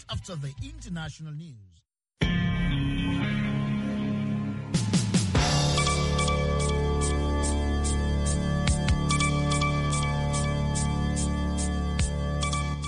right after the international news.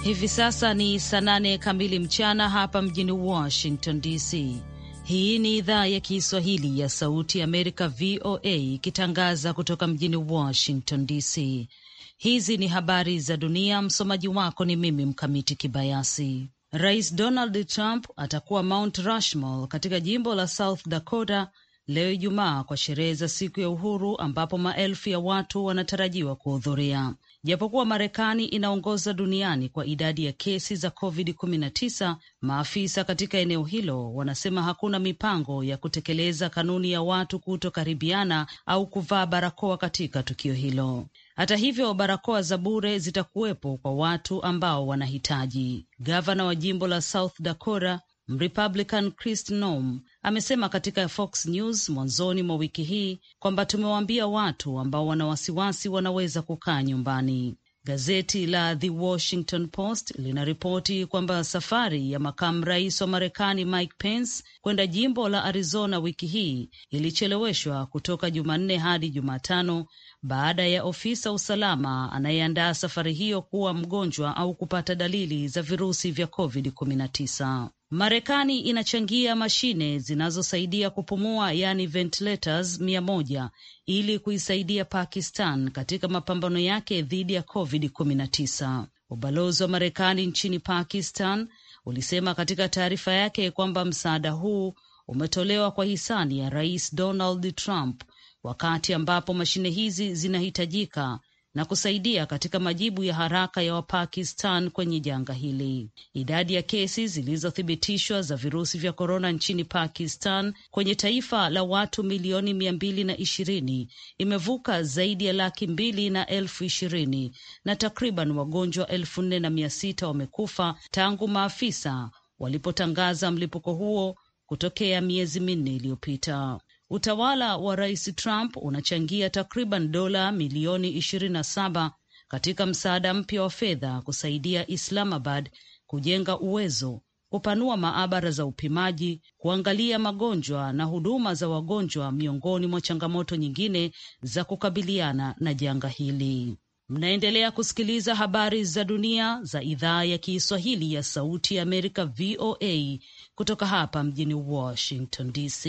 Hivi sasa ni saa nane kamili mchana hapa mjini Washington DC. Hii ni idhaa ya Kiswahili ya Sauti ya Amerika, VOA, ikitangaza kutoka mjini Washington DC. Hizi ni habari za dunia. Msomaji wako ni mimi Mkamiti Kibayasi. Rais Donald Trump atakuwa Mount Rushmore katika jimbo la South Dakota leo Ijumaa kwa sherehe za siku ya uhuru ambapo maelfu ya watu wanatarajiwa kuhudhuria. Japokuwa Marekani inaongoza duniani kwa idadi ya kesi za COVID-19, maafisa katika eneo hilo wanasema hakuna mipango ya kutekeleza kanuni ya watu kutokaribiana au kuvaa barakoa katika tukio hilo. Hata hivyo, barakoa za bure zitakuwepo kwa watu ambao wanahitaji. Gavana wa jimbo la South Dakota Mrepublican Chris Noem amesema katika Fox News mwanzoni mwa wiki hii kwamba tumewaambia watu ambao wana wasiwasi wanaweza kukaa nyumbani. Gazeti la The Washington Post linaripoti kwamba safari ya makamu rais wa Marekani Mike Pence kwenda jimbo la Arizona wiki hii ilicheleweshwa kutoka Jumanne hadi Jumatano baada ya ofisa usalama anayeandaa safari hiyo kuwa mgonjwa au kupata dalili za virusi vya COVID-19. Marekani inachangia mashine zinazosaidia kupumua yani ventilators mia moja ili kuisaidia Pakistan katika mapambano yake dhidi ya COVID-19. Ubalozi wa Marekani nchini Pakistan ulisema katika taarifa yake kwamba msaada huu umetolewa kwa hisani ya Rais Donald Trump wakati ambapo mashine hizi zinahitajika na kusaidia katika majibu ya haraka ya Wapakistan kwenye janga hili. Idadi ya kesi zilizothibitishwa za virusi vya korona nchini Pakistan kwenye taifa la watu milioni mia mbili na ishirini imevuka zaidi ya laki mbili na elfu ishirini na takriban wagonjwa elfu nne na mia sita wamekufa tangu maafisa walipotangaza mlipuko huo kutokea miezi minne iliyopita. Utawala wa Rais Trump unachangia takriban dola milioni ishirini na saba katika msaada mpya wa fedha kusaidia Islamabad kujenga uwezo, kupanua maabara za upimaji, kuangalia magonjwa na huduma za wagonjwa, miongoni mwa changamoto nyingine za kukabiliana na janga hili. Mnaendelea kusikiliza habari za dunia za idhaa ya Kiswahili ya Sauti ya Amerika, VOA, kutoka hapa mjini Washington DC.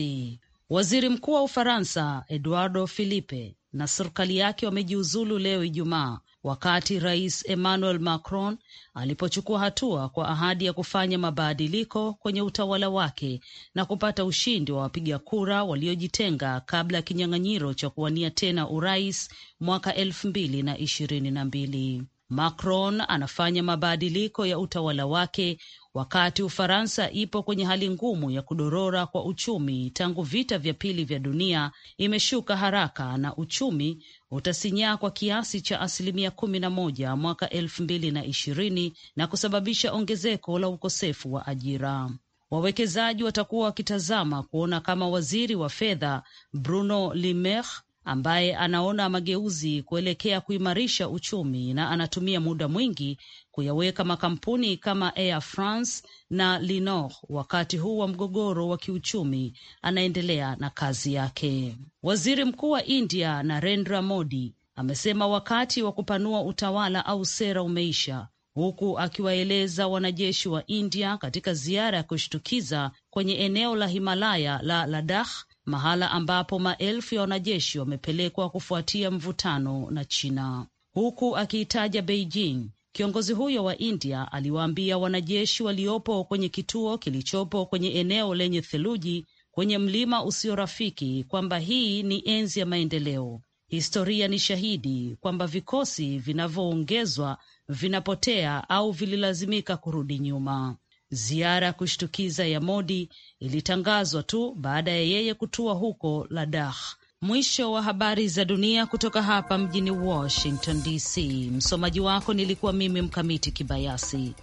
Waziri mkuu wa Ufaransa Eduardo Philippe na serikali yake wamejiuzulu leo Ijumaa, wakati rais Emmanuel Macron alipochukua hatua kwa ahadi ya kufanya mabadiliko kwenye utawala wake na kupata ushindi wa wapiga kura waliojitenga kabla ya kinyang'anyiro cha kuwania tena urais mwaka elfu mbili na ishirini na mbili. Macron anafanya mabadiliko ya utawala wake wakati Ufaransa ipo kwenye hali ngumu ya kudorora kwa uchumi tangu vita vya pili vya dunia, imeshuka haraka na uchumi utasinyaa kwa kiasi cha asilimia kumi na moja mwaka elfu mbili na ishirini na kusababisha ongezeko la ukosefu wa ajira. Wawekezaji watakuwa wakitazama kuona kama waziri wa fedha Bruno Limer ambaye anaona mageuzi kuelekea kuimarisha uchumi na anatumia muda mwingi kuyaweka makampuni kama Air France na linor wakati huu wa mgogoro wa kiuchumi, anaendelea na kazi yake. Waziri Mkuu wa India Narendra Modi amesema wakati wa kupanua utawala au sera umeisha, huku akiwaeleza wanajeshi wa India katika ziara ya kushtukiza kwenye eneo la Himalaya la Ladakh mahala ambapo maelfu ya wanajeshi wamepelekwa kufuatia mvutano na China. Huku akiitaja Beijing, kiongozi huyo wa India aliwaambia wanajeshi waliopo kwenye kituo kilichopo kwenye eneo lenye theluji kwenye mlima usio rafiki kwamba hii ni enzi ya maendeleo. Historia ni shahidi kwamba vikosi vinavyoongezwa vinapotea au vililazimika kurudi nyuma. Ziara ya kushtukiza ya Modi ilitangazwa tu baada ya yeye kutua huko Ladakh. Mwisho wa habari za dunia kutoka hapa mjini Washington DC. Msomaji wako nilikuwa mimi Mkamiti Kibayasi.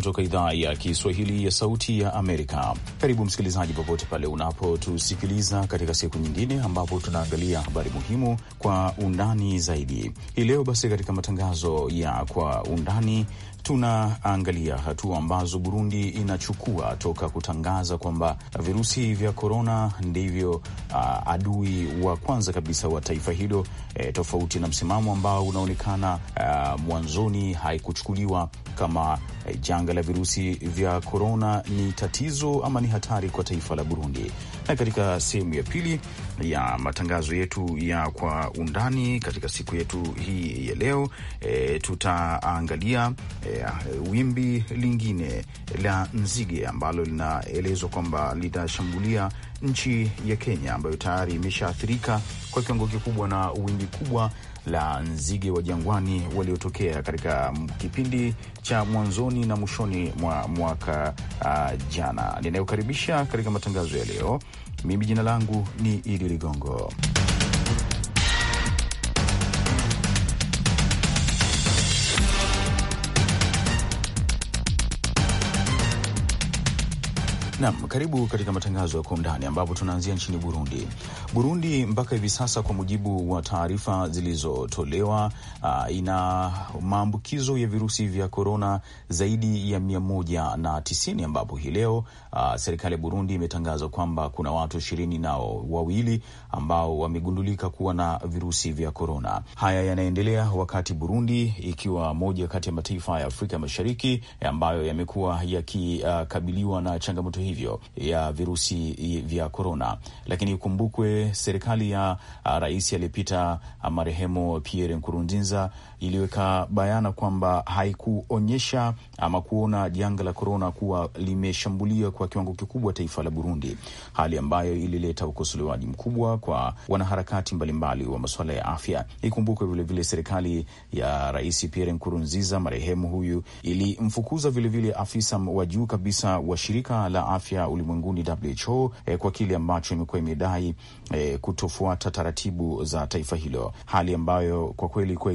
kutoka idhaa ya Kiswahili ya Sauti ya Amerika. Karibu msikilizaji, popote pale unapotusikiliza katika siku nyingine ambapo tunaangalia habari muhimu kwa undani zaidi. Hii leo basi, katika matangazo ya kwa undani tunaangalia hatua ambazo Burundi inachukua toka kutangaza kwamba virusi vya korona ndivyo uh, adui wa kwanza kabisa wa taifa hilo eh, tofauti na msimamo ambao unaonekana uh, mwanzoni haikuchukuliwa kama eh, janga la virusi vya korona ni tatizo ama ni hatari kwa taifa la Burundi na katika sehemu ya pili ya matangazo yetu ya kwa undani katika siku yetu hii ya leo e, tutaangalia e, wimbi lingine la nzige ambalo linaelezwa kwamba litashambulia nchi ya Kenya ambayo tayari imeshaathirika kwa kiwango kikubwa na wimbi kubwa la nzige wa jangwani waliotokea katika kipindi cha mwanzoni na mwishoni mwa mwaka uh, jana. Ninayokaribisha katika matangazo ya leo mimi jina langu ni Idi Ligongo. Nam, karibu katika matangazo ya kwa undani ambapo tunaanzia nchini Burundi. Burundi mpaka hivi sasa, kwa mujibu wa taarifa zilizotolewa, uh, ina maambukizo ya virusi vya korona zaidi ya mia moja na tisini ambapo hii leo uh, serikali ya Burundi imetangaza kwamba kuna watu ishirini na wawili ambao wamegundulika kuwa na virusi vya korona. Haya yanaendelea wakati Burundi ikiwa moja kati ya mataifa ya Afrika Mashariki ambayo yamekuwa yakikabiliwa uh, na changamoto hii hivyo ya virusi vya korona. Lakini ikumbukwe serikali ya rais aliyepita marehemu Pierre Nkurunziza iliweka bayana kwamba haikuonyesha ama kuona janga la korona kuwa limeshambulia kwa kiwango kikubwa taifa la Burundi, hali ambayo ilileta ukosolewaji mkubwa kwa wanaharakati mbalimbali wa masuala ya afya. Ikumbukwe vilevile serikali ya Rais Pierre Nkurunziza marehemu huyu ilimfukuza vilevile afisa wa juu kabisa wa shirika la afya ulimwenguni WHO, eh, kwa kile ambacho imekuwa imedai eh, kutofuata taratibu za taifa hilo, hali ambayo kwa kweli kwa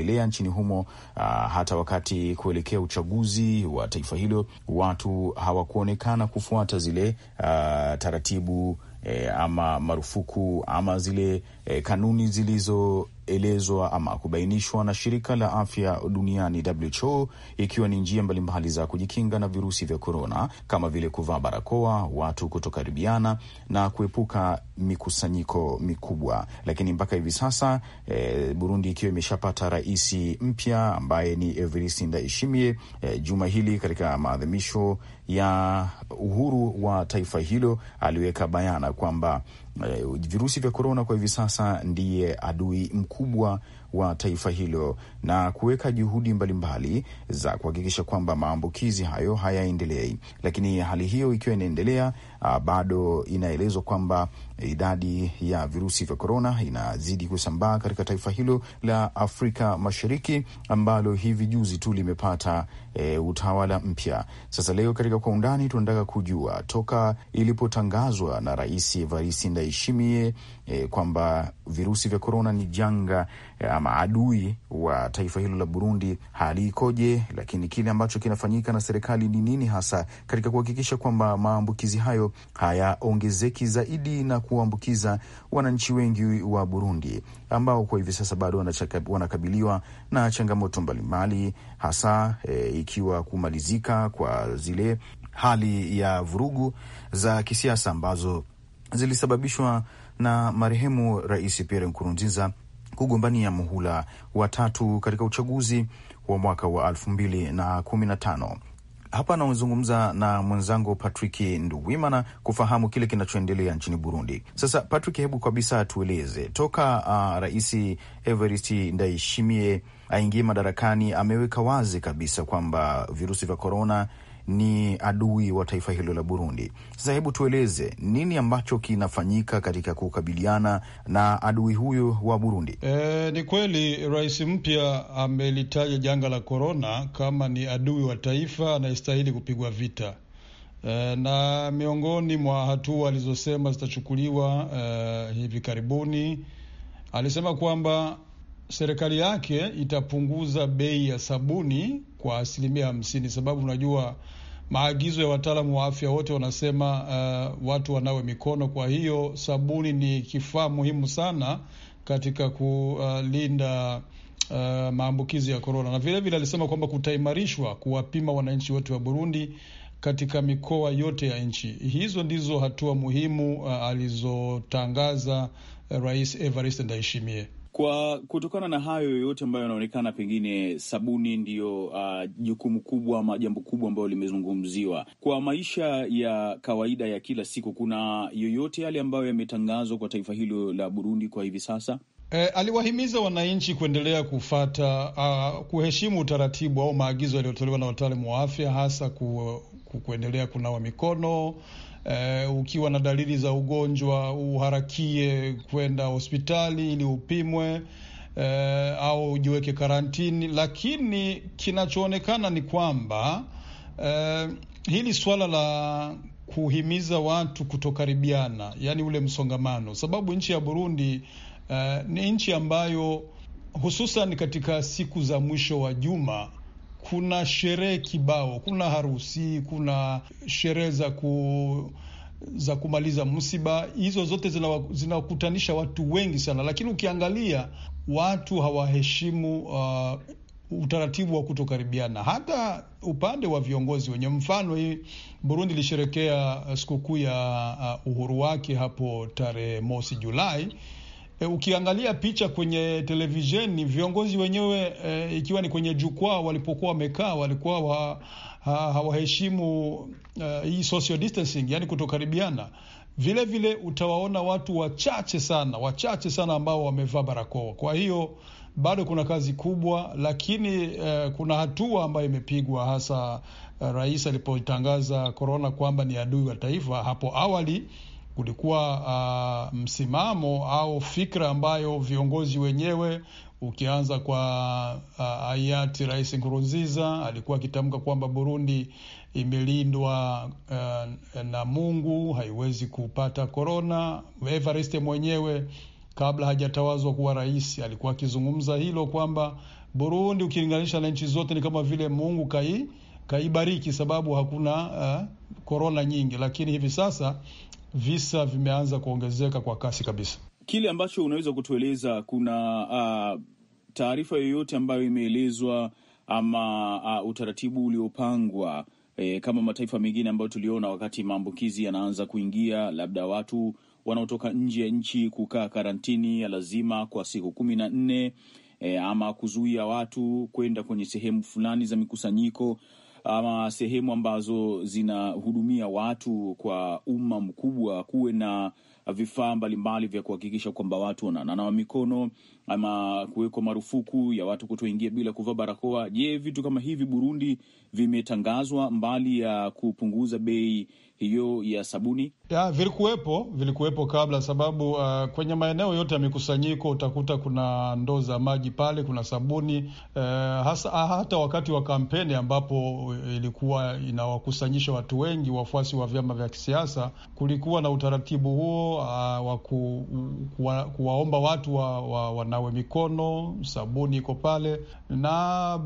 yanaendelea nchini humo. Uh, hata wakati kuelekea uchaguzi wa taifa hilo watu hawakuonekana kufuata zile uh, taratibu eh, ama marufuku ama zile e, kanuni zilizoelezwa ama kubainishwa na shirika la afya duniani WHO, ikiwa ni njia mbalimbali za kujikinga na virusi vya korona kama vile kuvaa barakoa, watu kutokaribiana na kuepuka mikusanyiko mikubwa. Lakini mpaka hivi sasa e, Burundi ikiwa imeshapata rais mpya ambaye ni Evariste Ndayishimiye e, juma hili katika maadhimisho ya uhuru wa taifa hilo aliweka bayana kwamba Eh, virusi vya korona kwa hivi sasa ndiye adui mkubwa wa taifa hilo na kuweka juhudi mbalimbali mbali za kuhakikisha kwamba maambukizi hayo hayaendelei. Lakini hali hiyo ikiwa inaendelea, ah, bado inaelezwa kwamba idadi ya virusi vya korona inazidi kusambaa katika taifa hilo la Afrika Mashariki ambalo hivi juzi tu limepata e, utawala mpya. Sasa leo katika kwa undani tunataka kujua toka ilipotangazwa na Rais Evariste Ndayishimiye e, kwamba virusi vya korona ni janga e, ama adui wa taifa hilo la Burundi, hali ikoje? Lakini kile ambacho kinafanyika na serikali ni nini hasa katika kuhakikisha kwamba maambukizi hayo hayaongezeki zaidi na kuambukiza wananchi wengi wa Burundi ambao kwa hivi sasa bado wanakabiliwa na changamoto mbalimbali hasa e, ikiwa kumalizika kwa zile hali ya vurugu za kisiasa ambazo zilisababishwa na marehemu Rais Pierre Nkurunziza kugombania muhula wa tatu katika uchaguzi wa mwaka wa elfu mbili na kumi na tano. Hapa anazungumza na mwenzangu Patrick Nduwimana kufahamu kile kinachoendelea nchini Burundi. Sasa Patrick, hebu kabisa tueleze toka uh, Rais Everest Ndaishimie aingie madarakani, ameweka wazi kabisa kwamba virusi vya korona ni adui wa taifa hilo la Burundi. Sasa hebu tueleze nini ambacho kinafanyika katika kukabiliana na adui huyo wa Burundi? E, ni kweli rais mpya amelitaja janga la korona kama ni adui wa taifa anayestahili kupigwa vita e, na miongoni mwa hatua alizosema zitachukuliwa e, hivi karibuni alisema kwamba serikali yake itapunguza bei ya sabuni kwa asilimia hamsini, sababu unajua maagizo ya wataalamu wa afya wote wanasema uh, watu wanawe mikono. Kwa hiyo sabuni ni kifaa muhimu sana katika kulinda uh, maambukizi ya korona, na vilevile alisema kwamba kutaimarishwa kuwapima wananchi wote wa Burundi katika mikoa yote ya nchi. Hizo ndizo hatua muhimu uh, alizotangaza uh, Rais Evariste Ndayishimiye. Kwa kutokana na hayo yote ambayo yanaonekana, pengine sabuni ndiyo uh, jukumu uh, kubwa ama jambo kubwa ambayo limezungumziwa kwa maisha ya kawaida ya kila siku. Kuna yoyote yale ambayo yametangazwa kwa taifa hilo la Burundi kwa hivi sasa? E, aliwahimiza wananchi kuendelea kufata uh, kuheshimu utaratibu au maagizo yaliyotolewa na wataalamu wa afya hasa ku, ku, kuendelea kunawa mikono eh, ukiwa na dalili za ugonjwa uharakie kwenda hospitali ili upimwe, eh, au ujiweke karantini. Lakini kinachoonekana ni kwamba eh, hili swala la kuhimiza watu kutokaribiana, yani ule msongamano, sababu nchi ya Burundi eh, ni nchi ambayo hususan katika siku za mwisho wa juma kuna sherehe kibao, kuna harusi, kuna sherehe za ku za kumaliza msiba. Hizo zote zinakutanisha zina watu wengi sana, lakini ukiangalia watu hawaheshimu uh, utaratibu wa kutokaribiana hata upande wa viongozi wenye. Mfano, hii Burundi ilisherekea uh, sikukuu ya uh, uhuru wake hapo tarehe mosi Julai E, ukiangalia picha kwenye televisheni viongozi wenyewe e, ikiwa ni kwenye jukwaa walipokuwa wamekaa walikuwa wa, hawaheshimu ha, uh, eh, hii social distancing, yani kutokaribiana. Vile vile utawaona watu wachache sana wachache sana ambao wamevaa barakoa. Kwa hiyo bado kuna kazi kubwa, lakini uh, kuna hatua ambayo imepigwa hasa uh, rais alipotangaza korona kwamba ni adui wa taifa hapo awali kulikuwa uh, msimamo au fikra ambayo viongozi wenyewe ukianza kwa uh, hayati Rais Nkurunziza alikuwa akitamka kwamba Burundi imelindwa uh, na Mungu, haiwezi kupata korona. Evariste mwenyewe kabla hajatawazwa kuwa rais alikuwa akizungumza hilo kwamba Burundi ukilinganisha na nchi zote ni kama vile Mungu kai kaibariki, sababu hakuna korona uh, nyingi. Lakini hivi sasa visa vimeanza kuongezeka kwa kasi kabisa. Kile ambacho unaweza kutueleza, kuna uh, taarifa yoyote ambayo imeelezwa ama uh, utaratibu uliopangwa eh, kama mataifa mengine ambayo tuliona wakati maambukizi yanaanza kuingia, labda watu wanaotoka nje ya nchi kukaa karantini ya lazima kwa siku kumi na nne eh, ama kuzuia watu kwenda kwenye sehemu fulani za mikusanyiko ama sehemu ambazo zinahudumia watu kwa umma mkubwa, kuwe na Uh, vifaa mbalimbali vya kuhakikisha kwamba watu wananawa mikono ama kuwekwa marufuku ya watu kutoingia bila kuvaa barakoa. Je, vitu kama hivi Burundi vimetangazwa mbali ya kupunguza bei hiyo ya sabuni? Ya, vilikuwepo vilikuwepo kabla, sababu uh, kwenye maeneo yote ya mikusanyiko utakuta kuna ndoo za maji pale, kuna sabuni uh, hasa ah, hata wakati wa kampeni ambapo uh, ilikuwa inawakusanyisha watu wengi, wafuasi wa vyama vya kisiasa, kulikuwa na utaratibu huo uh, wa ku, kuwa, kuwaomba watu wa, wa, wanawe mikono, sabuni iko pale, na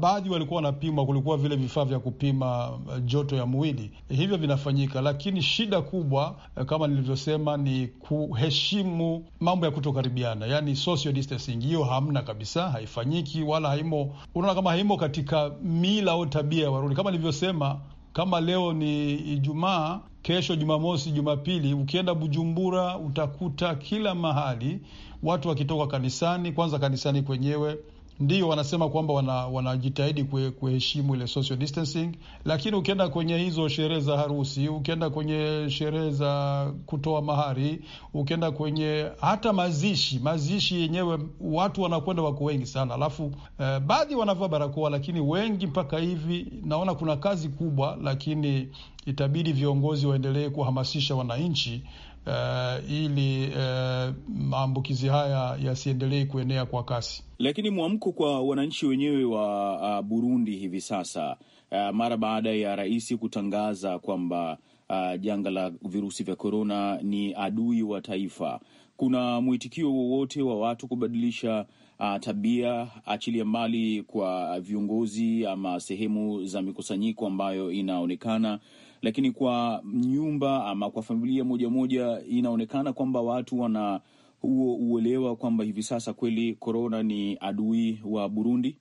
baadhi walikuwa wanapimwa. Kulikuwa vile vifaa vya kupima uh, joto ya mwili, hivyo vinafanyika, lakini shida kubwa uh, kama nilivyosema ni kuheshimu mambo ya kutokaribiana, yani social distancing. Hiyo hamna kabisa, haifanyiki wala haimo, unaona kama haimo katika mila au tabia ya Warundi kama nilivyosema kama leo ni Ijumaa Kesho Jumamosi, Jumapili, ukienda Bujumbura utakuta kila mahali watu wakitoka kanisani, kwanza kanisani kwenyewe ndio wanasema kwamba wanajitahidi wana kuheshimu ile social distancing, lakini ukienda kwenye hizo sherehe za harusi, ukienda kwenye sherehe za kutoa mahari, ukienda kwenye hata mazishi, mazishi yenyewe watu wanakwenda wako wengi sana, alafu eh, baadhi wanavaa barakoa, lakini wengi mpaka hivi naona kuna kazi kubwa, lakini itabidi viongozi waendelee kuhamasisha wananchi uh, ili uh, maambukizi haya yasiendelee kuenea kwa kasi. Lakini mwamko kwa wananchi wenyewe wa uh, Burundi hivi sasa uh, mara baada ya rais kutangaza kwamba uh, janga la virusi vya korona ni adui wa taifa, kuna mwitikio wowote wa watu kubadilisha uh, tabia, achilia mbali kwa viongozi ama sehemu za mikusanyiko ambayo inaonekana lakini kwa nyumba ama kwa familia moja moja inaonekana kwamba watu wana huo uelewa kwamba hivi sasa kweli korona ni adui wa Burundi?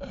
Uh,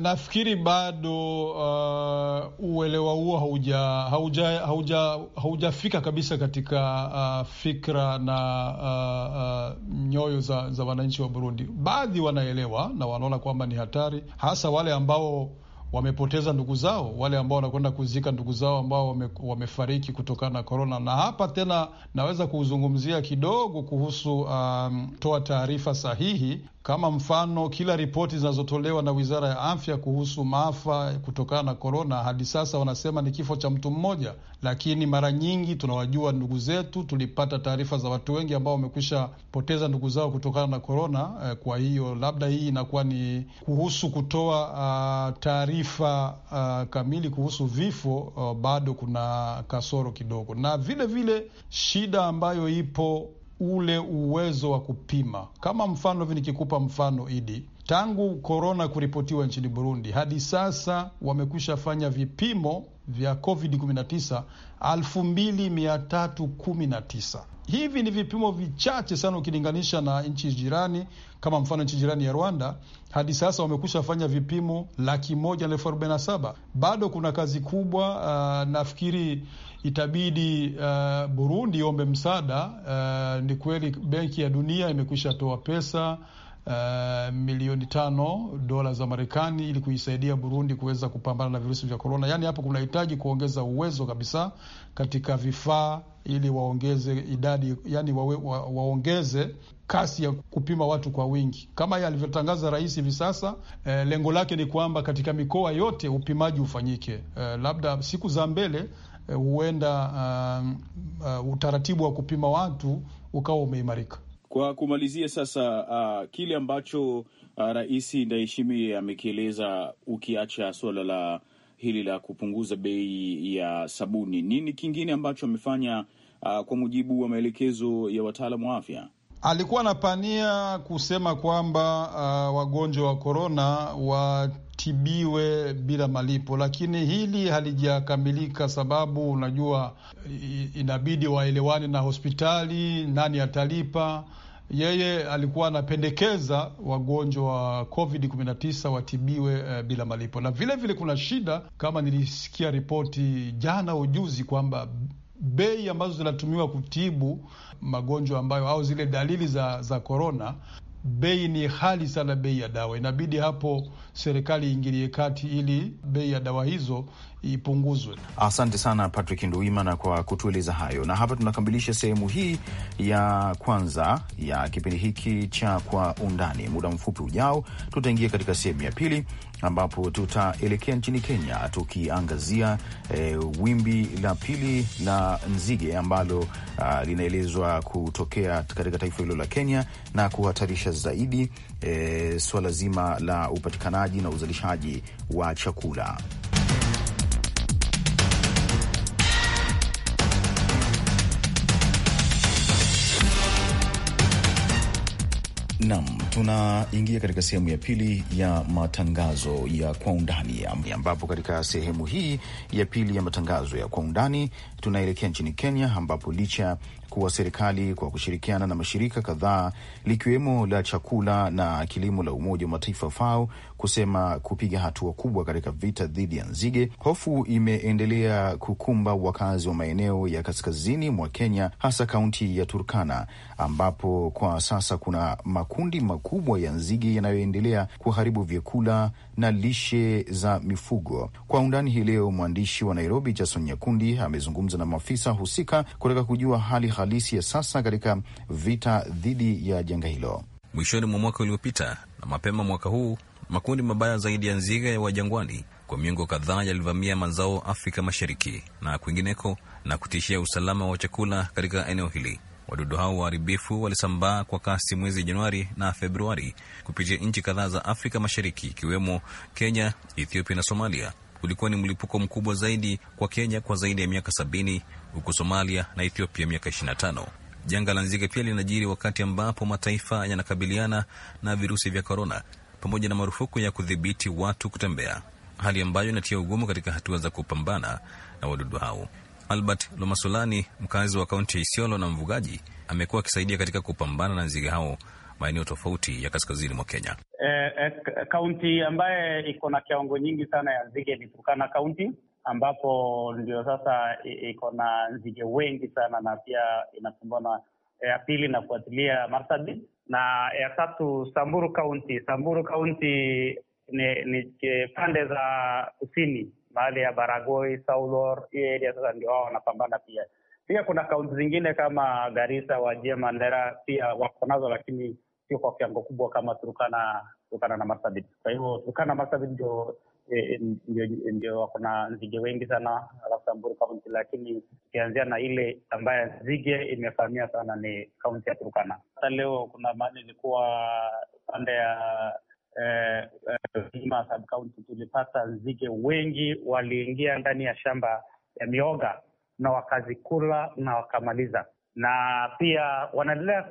nafikiri bado uh, uelewa huo haujafika hauja, hauja, kabisa katika uh, fikra na uh, uh, nyoyo za, za wananchi wa Burundi. Baadhi wanaelewa na wanaona kwamba ni hatari, hasa wale ambao wamepoteza ndugu zao, wale ambao wanakwenda kuzika ndugu zao ambao wame, wamefariki kutokana na korona. Na hapa tena naweza kuzungumzia kidogo kuhusu um, toa taarifa sahihi kama mfano, kila ripoti zinazotolewa na wizara ya afya kuhusu maafa kutokana na korona hadi sasa wanasema ni kifo cha mtu mmoja, lakini mara nyingi tunawajua ndugu zetu, tulipata taarifa za watu wengi ambao wamekwisha poteza ndugu zao kutokana na korona. Eh, kwa hiyo labda hii inakuwa ni kuhusu kutoa uh, taarifa uh, kamili kuhusu vifo uh, bado kuna kasoro kidogo, na vile vile shida ambayo ipo ule uwezo wa kupima. Kama mfano hivi, nikikupa mfano Idi, tangu korona kuripotiwa nchini Burundi hadi sasa wamekwisha fanya vipimo vya Covid 19 2319. Hivi ni vipimo vichache sana ukilinganisha na nchi jirani, kama mfano nchi jirani ya Rwanda, hadi sasa wamekusha fanya vipimo laki moja na elfu arobaini na saba. Bado kuna kazi kubwa. Uh, nafikiri itabidi uh, Burundi iombe msaada. Uh, ni kweli Benki ya Dunia imekwisha toa pesa uh, milioni tano dola za Marekani ili kuisaidia Burundi kuweza kupambana na virusi vya korona. Yaani hapo kunahitaji kuongeza uwezo kabisa katika vifaa ili waongeze idadi, yani wawe, wa, waongeze kasi ya kupima watu kwa wingi kama alivyotangaza rais hivi sasa. E, lengo lake ni kwamba katika mikoa yote upimaji ufanyike, e, labda siku za mbele Eh, huenda uh, uh, utaratibu wa kupima watu ukawa umeimarika. Kwa kumalizia sasa, uh, kile ambacho uh, Rais Ndayishimiye amekieleza, ukiacha suala la hili la kupunguza bei ya sabuni, nini kingine ambacho amefanya uh, kwa mujibu wa maelekezo ya wataalamu wa afya? Alikuwa anapania kusema kwamba uh, wagonjwa wa korona wa tibiwe bila malipo, lakini hili halijakamilika, sababu unajua inabidi waelewane na hospitali, nani atalipa. Yeye alikuwa anapendekeza wagonjwa wa COVID 19 watibiwe uh, bila malipo. Na vilevile vile kuna shida kama nilisikia ripoti jana ujuzi kwamba bei ambazo zinatumiwa kutibu magonjwa ambayo au zile dalili za za korona bei ni ghali sana, bei ya dawa. Inabidi hapo serikali iingilie kati ili bei ya dawa hizo ipunguzwe. Asante sana Patrick Nduimana kwa kutueleza hayo, na hapa tunakamilisha sehemu hii ya kwanza ya kipindi hiki cha Kwa Undani. Muda mfupi ujao, tutaingia katika sehemu ya pili ambapo tutaelekea nchini Kenya tukiangazia e, wimbi la pili la nzige ambalo ah, linaelezwa kutokea katika taifa hilo la Kenya na kuhatarisha zaidi e, eh, suala zima la upatikanaji na uzalishaji wa chakula. Nam, Tunaingia katika sehemu ya pili ya matangazo ya kwa undani, ambapo katika sehemu hii ya pili ya matangazo ya kwa undani tunaelekea nchini Kenya, ambapo licha kuwa serikali kwa kushirikiana na mashirika kadhaa likiwemo la chakula na kilimo la Umoja wa Mataifa FAO kusema kupiga hatua kubwa katika vita dhidi ya nzige. Hofu imeendelea kukumba wakazi wa maeneo ya kaskazini mwa Kenya, hasa kaunti ya Turkana ambapo kwa sasa kuna makundi makubwa ya nzige yanayoendelea kuharibu vyakula na lishe za mifugo. Kwa undani hii leo, mwandishi wa Nairobi Jason Nyakundi amezungumza na maafisa husika kutaka kujua hali halisi ya sasa katika vita dhidi ya janga hilo. Mwishoni mwa mwaka uliopita na mapema mwaka huu, makundi mabaya zaidi ya nzige wa jangwani kwa miongo kadhaa yalivamia mazao Afrika Mashariki na kwingineko na kutishia usalama wa chakula katika eneo hili. Wadudu hao waharibifu walisambaa kwa kasi mwezi Januari na Februari kupitia nchi kadhaa za Afrika Mashariki ikiwemo Kenya, Ethiopia na Somalia ulikuwa ni mlipuko mkubwa zaidi kwa Kenya kwa zaidi ya miaka sabini huku Somalia na Ethiopia miaka 25. na tano. Janga la nzige pia linajiri wakati ambapo mataifa yanakabiliana na virusi vya korona pamoja na marufuku ya kudhibiti watu kutembea, hali ambayo inatia ugumu katika hatua za kupambana na wadudu hao. Albert Lomasolani, mkazi wa kaunti ya Isiolo na mvugaji, amekuwa akisaidia katika kupambana na nzige hao maeneo tofauti ya kaskazini mwa Kenya. Kaunti eh, eh, ambaye iko na kiwango nyingi sana ya nzige ni Turkana kaunti ambapo ndio sasa iko na nzige wengi sana na pia inakumbana ya pili na kufuatilia Marsabit na ya tatu Samburu kaunti. Samburu kaunti ni, ni pande za kusini mahali ya Baragoi, Saulor, hiyo area sasa ndio wao wanapambana pia. Pia kuna kaunti zingine kama garisa Wajia, Mandera pia wako nazo, lakini sio kwa kiwango kubwa kama Turukana, Turukana na Marsabit. Kwa hivyo Turukana na Marsabit e, e, ndio ndio wako na nzige wengi sana Samburu kaunti, lakini ukianzia na ile ambayo nzige imevamia sana ni kaunti ya turukana Hata leo kuna mahali ilikuwa pande ya eh, eh, sub tulipata nzige wengi waliingia ndani ya shamba ya mioga na wakazikula na wakamaliza na pia wanaendelea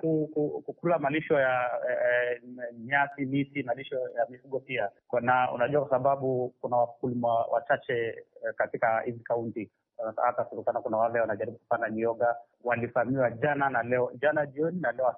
kukula malisho ya e, nyasi, miti, malisho ya mifugo pia, na unajua, kwa sababu kuna wakulima wachache eh, katika hizi kaunti hata kutokana, kuna wale wanajaribu kupanda mioga walifamiwa jana na leo, jana jioni na leo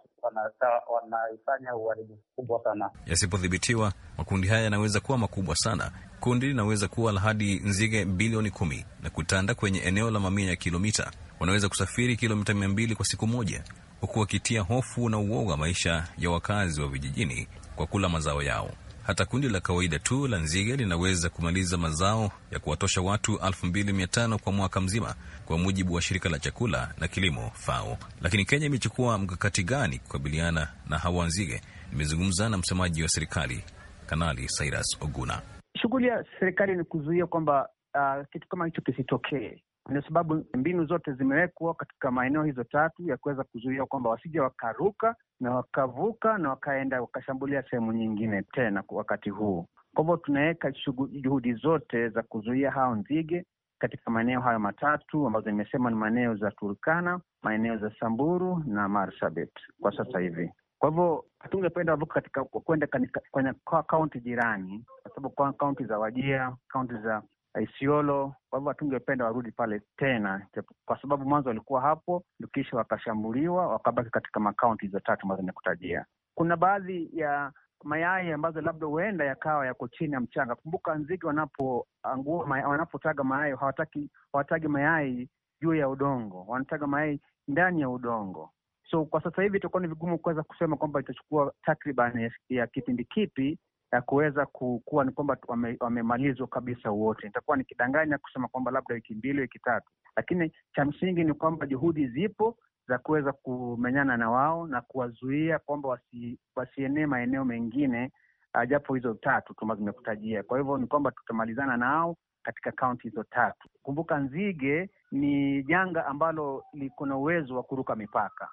wanaifanya uharibifu mkubwa sana. Yasipodhibitiwa, makundi haya yanaweza kuwa makubwa sana. Kundi linaweza kuwa la hadi nzige bilioni kumi na kutanda kwenye eneo la mamia ya kilomita wanaweza kusafiri kilomita mia mbili kwa siku moja, huku wakitia hofu na uoga maisha ya wakazi wa vijijini kwa kula mazao yao. Hata kundi la kawaida tu la nzige linaweza kumaliza mazao ya kuwatosha watu 2500 kwa mwaka mzima, kwa mujibu wa shirika la chakula na kilimo FAO. Lakini Kenya imechukua mkakati gani kukabiliana na hawa nzige? Nimezungumza na msemaji wa serikali Kanali Cyrus Oguna. Shughuli ya serikali ni kuzuia kwamba uh, kitu kama hicho kisitokee, ndio sababu mbinu zote zimewekwa katika maeneo hizo tatu ya kuweza kuzuia kwamba wasije wakaruka na wakavuka na wakaenda wakashambulia sehemu nyingine tena kwa wakati huu. Kwa hivyo tunaweka juhudi zote za kuzuia hao nzige katika maeneo hayo matatu ambazo nimesema ni maeneo za Turkana, maeneo za Samburu na Marsabit kwa sasa hivi. Kwa hivyo hatungependa wavuka katika kwenda kwenye kaunti jirani, kwa sababu kaunti za Wajia, kaunti za Isiolo. Kwa hivyo hatungependa warudi pale tena, kwa sababu mwanzo walikuwa hapo, kisha wakashambuliwa, wakabaki katika makaunti hizo tatu ambazo nimekutajia. Kuna baadhi ya mayai ambazo labda huenda yakawa yako chini ya mchanga. Kumbuka nzige wanapoangua may, wanapotaga mayai hawataki hawatagi mayai juu ya udongo, wanataga mayai ndani ya udongo. So kwa sasa hivi itakuwa ni vigumu kuweza kusema kwamba itachukua takriban ya kipindi kipi ya kuweza kuwa ni kwamba wamemalizwa kabisa wote. Nitakuwa nikidanganya kusema kwamba labda wiki mbili, wiki tatu, lakini cha msingi ni kwamba juhudi zipo za kuweza kumenyana na wao na kuwazuia kwamba wasi, wasienee maeneo mengine ah, japo hizo tatu tuma zimekutajia. Kwa hivyo ni kwamba tutamalizana nao katika kaunti hizo tatu. Kumbuka nzige ni janga ambalo liko na uwezo wa kuruka mipaka.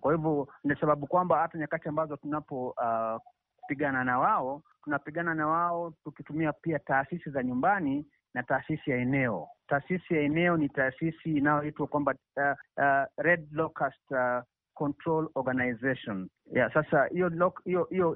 Kwa hivyo ni sababu kwamba hata nyakati ambazo tunapopigana ah, uh, na wao tunapigana na wao tukitumia pia taasisi za nyumbani na taasisi ya eneo. Taasisi ya eneo ni taasisi inayoitwa kwamba uh, uh, Red Locust uh, Control Organization. Yeah, sasa hiyo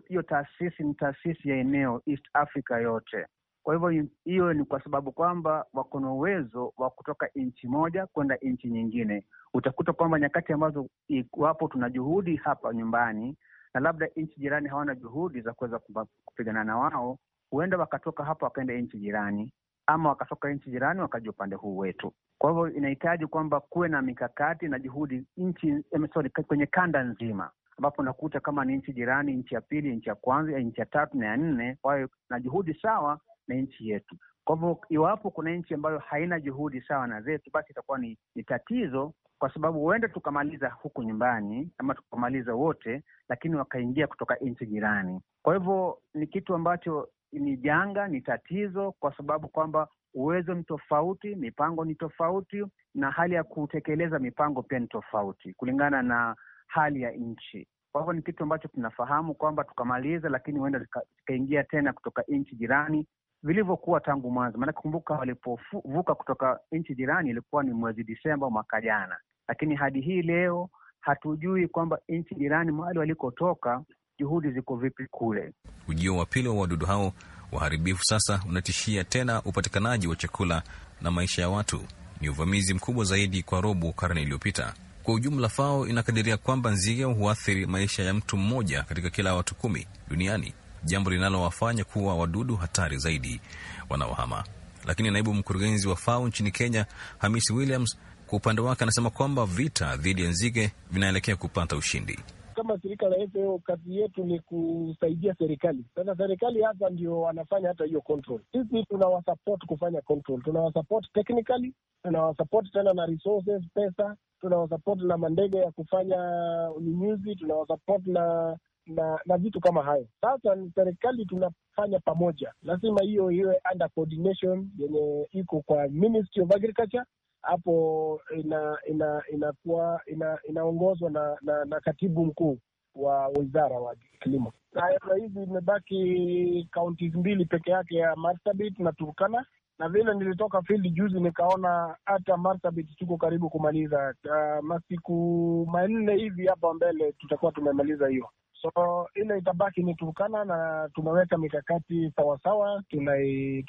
hiyo taasisi ni taasisi ya eneo East Africa yote. Kwa hivyo hiyo ni kwa sababu kwamba wako na uwezo wa kutoka nchi moja kwenda nchi nyingine. Utakuta kwamba nyakati ambazo iwapo tuna juhudi hapa nyumbani na labda nchi jirani hawana juhudi za kuweza kupigana na wao, huenda wakatoka hapa wakaenda nchi jirani, ama wakatoka nchi jirani wakaja upande huu wetu. Kwa hivyo inahitaji kwamba kuwe na mikakati na juhudi nchi eh, sorry, kwenye kanda nzima ambapo unakuta kama ni nchi jirani, nchi ya pili, nchi ya kwanza, eh, nchi ya tatu na ya nne, wawe na juhudi sawa na nchi yetu. Kwa hivyo iwapo kuna nchi ambayo haina juhudi sawa na zetu, basi itakuwa ni, ni tatizo kwa sababu huenda tukamaliza huku nyumbani ama tukamaliza wote, lakini wakaingia kutoka nchi jirani. Kwa hivyo ni kitu ambacho ni janga, ni tatizo, kwa sababu kwamba uwezo ni tofauti, mipango ni tofauti, na hali ya kutekeleza mipango pia ni tofauti kulingana na hali ya nchi. Kwa hivyo ni kitu ambacho tunafahamu kwamba tukamaliza, lakini huenda tukaingia tena kutoka nchi jirani vilivyokuwa tangu mwanzo. Maanake kumbuka, walipovuka kutoka nchi jirani ilikuwa ni mwezi Disemba mwaka jana lakini hadi hii leo hatujui kwamba nchi jirani mahali walikotoka juhudi ziko vipi kule. Ujio wa pili wa wadudu hao waharibifu sasa unatishia tena upatikanaji wa chakula na maisha ya watu. Ni uvamizi mkubwa zaidi kwa robo karne iliyopita. Kwa ujumla, FAO inakadiria kwamba nzige huathiri maisha ya mtu mmoja katika kila watu kumi duniani, jambo linalowafanya kuwa wadudu hatari zaidi wanaohama. Lakini naibu mkurugenzi wa FAO nchini Kenya, Hamisi Williams, kwa upande wake, anasema kwamba vita dhidi ya nzige vinaelekea kupata ushindi. Kama shirika la FAO kazi yetu ni kusaidia serikali. Sasa serikali hasa ndio wanafanya hata hiyo control. Sisi tunawasupport kufanya control, tunawasupport technically, tunawasupport tena na resources, pesa, tunawasupport na mandege ya kufanya unyunyuzi, tunawasupport na na na vitu kama hayo. Sasa ni serikali tunafanya pamoja, lazima hiyo iwe under coordination yenye iko kwa Ministry of Agriculture hapo ina ina inakuwa ina, inaongozwa na, na na katibu mkuu wa wizara wa kilimo. Sasa hizi imebaki kaunti mbili peke yake ya Marsabit na Turkana, na vile nilitoka field juzi nikaona hata Marsabit tuko karibu kumaliza. Uh, masiku manne hivi hapa mbele tutakuwa tumemaliza hiyo, so ile itabaki ni Turkana, na tumeweka mikakati sawasawa, tunaishughulikia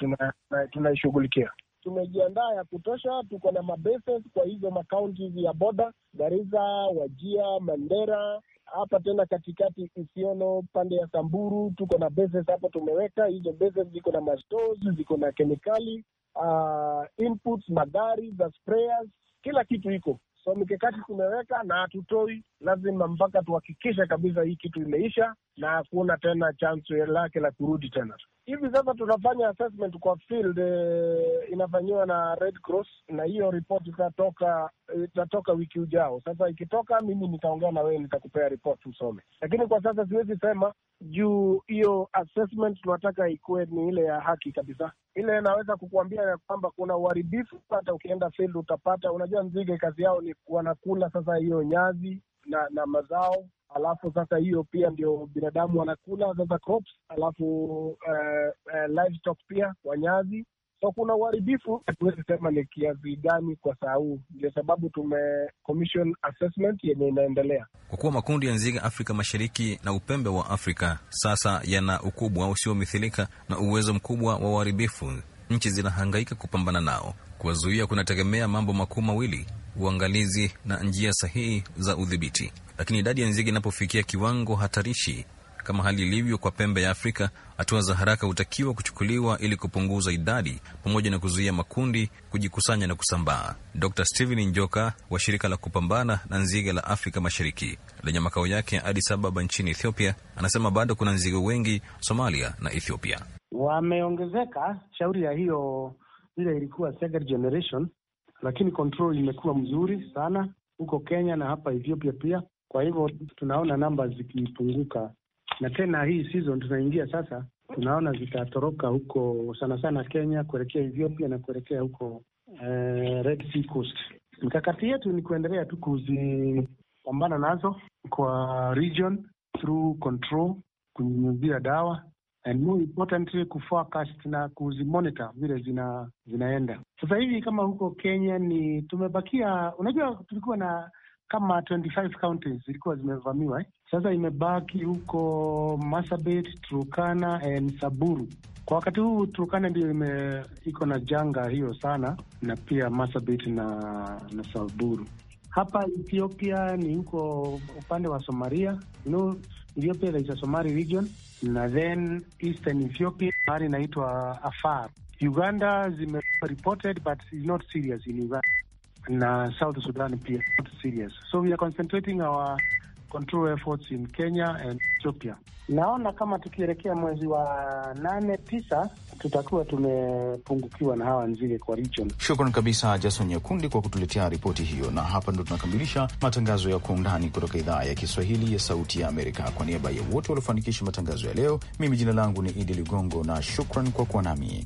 tuna, tuna, tuna tumejiandaa ya kutosha. Tuko na mabases kwa hizo makaunti ya boda, garisa Wajia, Mandera hapa tena katikati isiono pande ya Samburu tuko na bases hapo, tumeweka hizo bases, ziko na mastos, ziko na kemikali uh, inputs, magari za sprayers, kila kitu iko so mikakati tumeweka, na hatutoi, lazima mpaka tuhakikishe kabisa hii kitu imeisha, na hakuna tena chance lake la kurudi tena. Hivi sasa tunafanya assessment kwa field eh, inafanyiwa na Red Cross na hiyo report itatoka eh, itatoka wiki ujao. Sasa ikitoka, mimi nitaongea na wewe, nitakupea report usome, lakini kwa sasa siwezi sema juu hiyo assessment tunataka ikuwe ni ile ya haki kabisa. Ile naweza kukuambia ya kwamba kuna uharibifu, hata ukienda field utapata. Unajua nzige kazi yao ni wanakula sasa hiyo nyazi na na mazao alafu sasa hiyo pia ndio binadamu wanakula sasa crops, alafu uh, uh, livestock pia wanyazi. So kuna uharibifu, hatuwezi sema ni kiasi gani kwa saa huu, ndio sababu tume commission assessment yenye inaendelea. Kwa kuwa makundi ya nzige Afrika Mashariki na upembe wa Afrika sasa yana ukubwa usiomithilika na uwezo mkubwa wa uharibifu, nchi zinahangaika kupambana nao. Kuwazuia kunategemea mambo makuu mawili uangalizi na njia sahihi za udhibiti. Lakini idadi ya nzige inapofikia kiwango hatarishi kama hali ilivyo kwa pembe ya Afrika, hatua za haraka hutakiwa kuchukuliwa ili kupunguza idadi pamoja na kuzuia makundi kujikusanya na kusambaa. Dr Steven Njoka wa shirika la kupambana na nzige la Afrika Mashariki lenye makao yake ya Addis Ababa nchini Ethiopia anasema bado kuna nzige wengi Somalia na Ethiopia wameongezeka. Shauri ya hiyo ile ilikuwa second generation lakini control imekuwa mzuri sana huko Kenya na hapa Ethiopia pia. Kwa hivyo tunaona namba zikipunguka, na tena hii season tunaingia sasa, tunaona zitatoroka huko sana sana Kenya kuelekea Ethiopia na kuelekea huko eh, Red Sea Coast. Mikakati yetu ni kuendelea tu kuzipambana nazo kwa region through control, kunyunyuzia dawa and more importantly kuforecast na kuzimonita vile zina, zinaenda. Sasa hivi kama huko Kenya ni tumebakia, unajua tulikuwa na kama 25 counties zilikuwa zimevamiwa eh? Sasa imebaki huko Marsabit, Turkana and Samburu. Kwa wakati huu Turkana ndio iko na janga hiyo sana, na pia Marsabit na na Samburu. Hapa Ethiopia ni huko upande wa Somalia you know, Ethiopia there is a Somali region na then eastern Ethiopia mahali inaitwa Afar. Uganda zime reported but is not serious in Uganda na South Sudan pia not serious, so we are concentrating our control efforts in Kenya and Ethiopia. Naona kama tukielekea mwezi wa nane tisa, tutakuwa tumepungukiwa na hawa nzige kwa region. Shukran kabisa Jason Nyakundi kwa kutuletea ripoti hiyo, na hapa ndo tunakamilisha matangazo ya kwa undani kutoka idhaa ya Kiswahili ya Sauti ya Amerika. Kwa niaba ya wote waliofanikisha matangazo ya leo, mimi jina langu ni Idi Ligongo na shukran kwa kuwa nami.